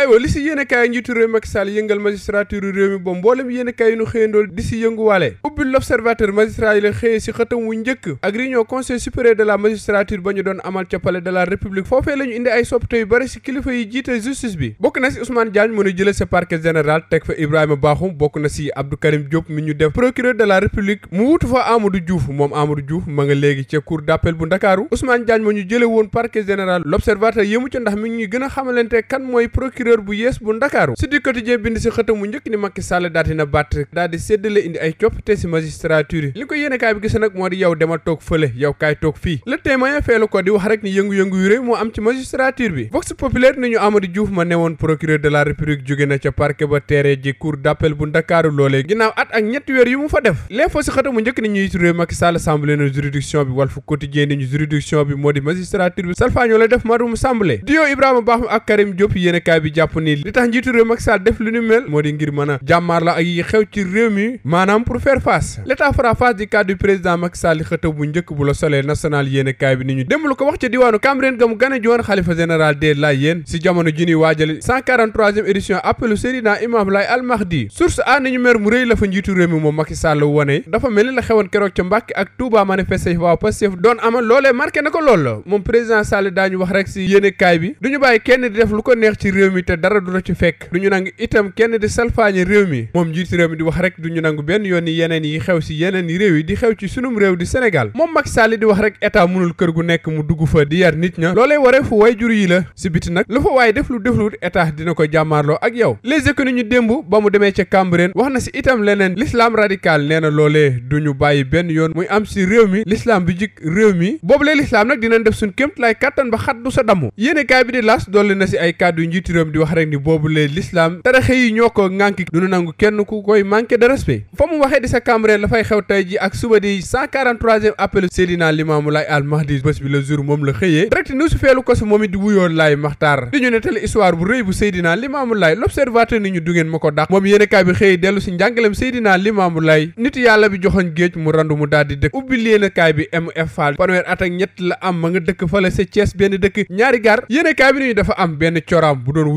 aywa li si yéen i kaay njiitu réew Macky yëngal magistrature réew mi ba mboolem yéen kaay yi nu xëyandool di si yënguwaale ubbi l'observateur magistrat yi la xëyee si xëtam wu njëkk ak réunion conseil supérieur de la magistrature ba ñu doon amal ca de la république foofee la indi ay soppite yu bari si kilifa yi jiite justice bi bokk na si Ousmane Diagne mu jële sa parquet général teg fa Ibrahima Bakhoum bokk na si Abdou Karim Diop mi def procureur procureur bu yées bu ndakaaru si ko di wax rek ni yëngu-yëngu yu rëy moo am ci magistrature bi vox populaire ni ñu Amadou Diouf ma newoon procureur de la république jóge na ca parquet ba teere ji cour d'appel bu ndakaaru loolee ginnaaw at ak ñetti weer yu mu fa def l'info si xëtam mu njëkk ni ñuy turée Macky Sall semblé na juridiction bi Walf Quotidien ni ñu juridiction bi moo di magistrature bi salfaañoo la def marum semblé dio Ibrahima Ba ak Karim Diop yéene kaay bi jàpp ni li tax njiitu réew Macky def lu ni mel moo di ngir mën a ak yi xew ci réew mi maanaam pour faire face l'état fera face di cadre du président Macky Sall xëtëb bu njëkk bu la soleil national yéen kaay bi ni ñu démb lu ko wax ci diwaanu Cameroun ga mu gane ji woon xalifa général des Layènes si jamono ji ñuy waajal 143 appelu Seydina Imam Laye Al Mahdi source a nañu mer mu rëy la fa njiitu réew mi moom Macky Sall wone dafa mel ni te dara du la ci fekk du ñu nangu itam kenn di salfaañe réew mi moom njiitu réew mi di wax rek du ñu nangu benn yoon yi yeneen yi xew si yeneen réew yi di xew ci sunum réew di Sénégal moom Macky Sall di wax rek état mënul kër gu nekk mu dugg fa di yar nit ña loolee waree fu way jur yi la si biti nag lu fa waaye def lu defluwut état dina ko jàmmaarloo ak yow les économies ñu démb ba mu demee ca Cambérène wax na si itam leneen l'islam radical nee loolee du ñu bàyyi benn yoon muy am si réew mi l'islam bi jik réew mi boobulee l'islam nag dinañ def suñ kémt lay kàttan ba xat sa damu yéene kaay di las dolli na si ay kàddu njiitu réew mi di wax rek ni boobu la l'islam taraxe yi ñoo ko ŋànk dunu nangu kenn ku koy manqué de fa mu waxee di sa Cambérène la xew tey ji ak suba di appel Seydina Limaamu Laay al Mahdi bés bi le jour moom la xëyee direct news feelu ko si histoire bu rëy bu Seydina Limaamu Laay l'observateur ni ñu du ma ko dàq moom yéenekaay bi xëy dellu si njàngalem Seydina Limaamu Laay nit yàlla bi joxoñ géej mu randu mu daal dëkk ubbi yéenekaay bi MF Fall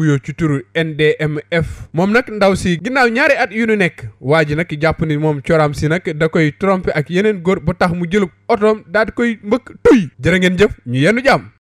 wuyoo ci turu NDMF moom nag ndaw si ginnaaw ñaari at yu ñu nekk waa ji nag jàpp ni moom coraam si nag da koy trompé ak yeneen góor ba tax mu jëlub otoom daal koy mbëkk tuy jërë ngeen jëf ñu yennu jàmm